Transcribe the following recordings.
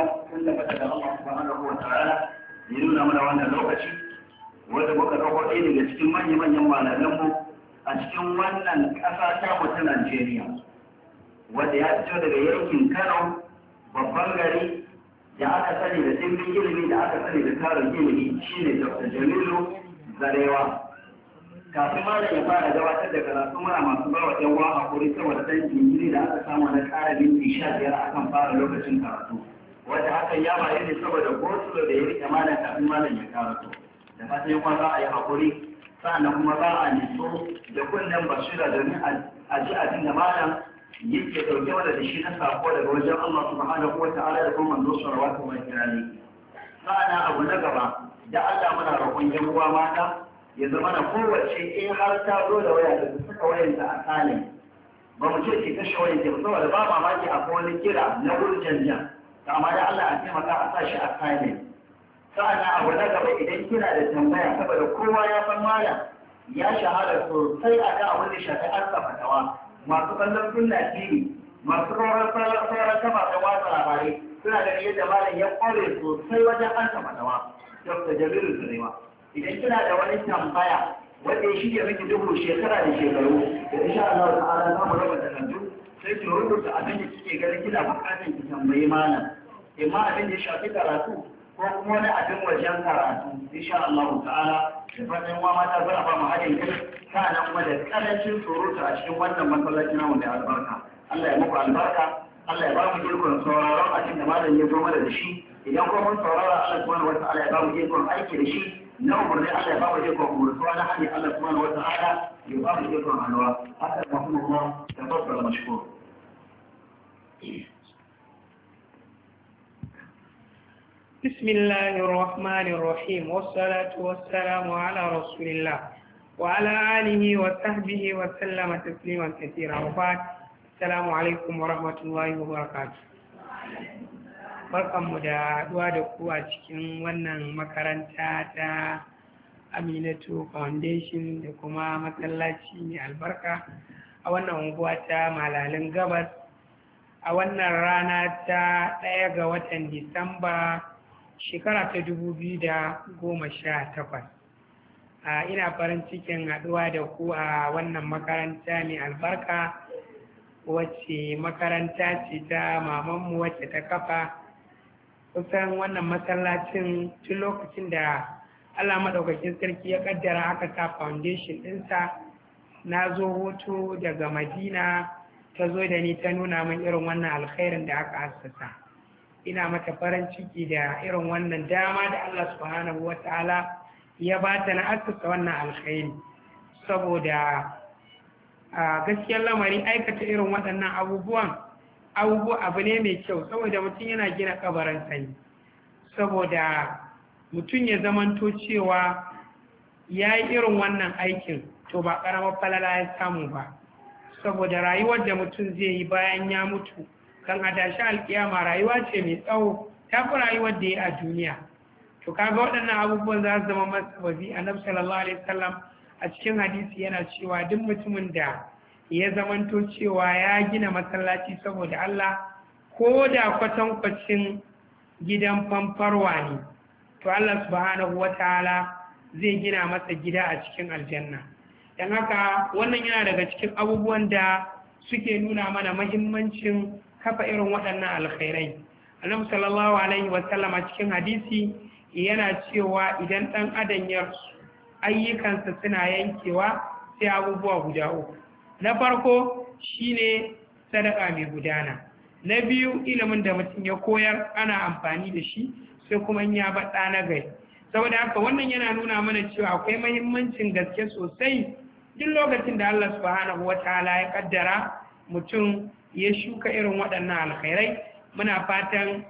ya tallafata da Allah ya nuna mana wannan lokaci wanda cikin manya-manyan a cikin wannan ƙasa ta ta Najeriya wanda ya fito daga yankin Kano babban gari da aka sani da dimbin ilimi da aka sani da tarin ilimi shine Dr. Jamilu Zarewa kafin malam ya fara gabatar da karatu muna masu ba wa a kuri saboda ɗan jingiri da aka samu na ƙara minti sha biyar akan fara lokacin karatu wanda hakan ya bayan ne saboda gosulo da ya rike malam kafin malam ya karato da fatan kuma za a yi haƙuri sa'annan kuma za a niso da kunnen basira domin a ji abin da malam yake ɗauke wanda da shi na sako daga wajen Allah subhanahu wa ta'ala da kuma manzo sallallahu alaihi wa sallam sa'ana abu na gaba da Allah muna roƙon yan uwa mata ya zama na kowace in har ta zo da waya da suka wayanta a tsalin ba mu ce ki kashe wayanta ba saboda ba mamaki a wani kira na wurjan jan amma da Allah a taimaka a sa shi a kane sa'an abu na gaba idan kina da tambaya saboda kowa ya san malam ya shahara sosai a kan abin da shafi arsa masu kallon sunna tv masu sauran sauran kama da watsa labarai suna da yadda malam ya kware sosai wajen arsa dawa. dr jamilu zurewa idan kina da wani tambaya wanda ya shirya miki dubu shekara da shekaru da insha Allah ki da abin da kike gani kina bukatar ki tambayi malam imma abin da ya shafi karatu ko kuma wani abin wajen karatu insha Allah ta'ala da fatan wa mata za a ba mu haɗin kai sa'annan kuma da karancin surutu a cikin wannan masallaci na wanda albarka Allah ya muku albarka Allah ya ba mu ikon sauraron abin da malamin ya goma mana da shi idan kuma mun saurara Allah subhanahu wa ta'ala ya ba mu ikon aiki da shi na umarni Allah ya ba mu ikon umurtuwa na hanyar Allah subhanahu wa ta'ala ya ba mu ikon hannuwa. Haka da kuma tabbata da mashkuru. بسم الله الرحمن الرحيم والصلاة والسلام على رسول الله وعلى آله وصحبه وسلم تسليما كثيرا وبعد السلام عليكم ورحمة الله وبركاته barkanmu da haɗuwa da ku a cikin wannan makaranta ta aminatu foundation da kuma masallaci mai albarka a wannan unguwa ta malalin gabas a wannan rana ta ɗaya ga watan disamba shekara ta dubu biyu da goma sha takwas ina farin cikin haɗuwa da ku a wannan makaranta mai albarka wacce makaranta ce ta mamanmu wacce ta kafa kusan wannan masallacin tun lokacin da allah maɗaukakin sarki ya ƙaddara aka sa foundation ɗinsa na zo hoto daga madina ta zo da ni ta nuna min irin wannan alkhairin da aka hassasa ina mata farin ciki da irin wannan dama da Allah subhanahu wataala ya ba ta na assasa wannan alkhairi saboda a gaskiyar lamari aikata irin waɗannan abubuwan abubuwa abu ne mai kyau saboda mutum yana gina kabarin sani saboda mutum ya zamanto cewa ya yi irin wannan aikin to ba ƙaramar falala ya samu ba saboda rayuwar da mutum zai yi bayan ya mutu kan adashi alkiyama rayuwa ce mai tsawo ta fi rayuwar da ya a duniya to kaga waɗannan abubuwan za su zama masu wazi a sallallahu alaihi wasallam a cikin hadisi yana cewa duk mutumin da ya zamanto cewa ya gina masallaci saboda Allah ko da kwatankwacin gidan famfarwa ne to Allah subhanahu wataala zai gina masa gida a cikin aljanna don haka wannan yana daga cikin abubuwan da suke nuna mana mahimmancin kafa irin waɗannan alkhairai annabi sallallahu alaihi wasallama cikin hadisi yana cewa idan ɗan adam ya ayyukansa suna yankewa sai abubuwa guda uku na farko shine sadaka mai gudana na biyu ilimin da mutum ya koyar ana amfani da shi sai kuma in ya baɗa na gari saboda haka wannan yana nuna mana cewa akwai mahimmancin gaske sosai duk lokacin da Allah subhanahu wataala ya kaddara mutum ya shuka irin waɗannan alkhairai muna fatan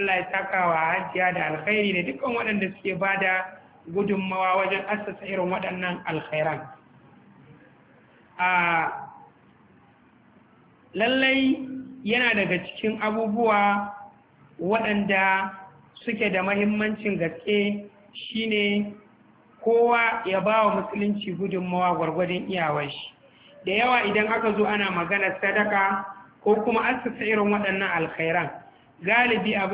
Allah ya saka wa hajiya da alkhairi da dukkan waɗanda suke bada gudunmawa wajen assasa irin waɗannan alkhairan a lallai yana daga cikin abubuwa waɗanda suke da mahimmancin gaske shine kowa ya ba wa musulunci gudunmawa gwargwadon iyawar shi da yawa idan aka zo ana maganar sadaka ko kuma asasa irin waɗannan alkhairan galibi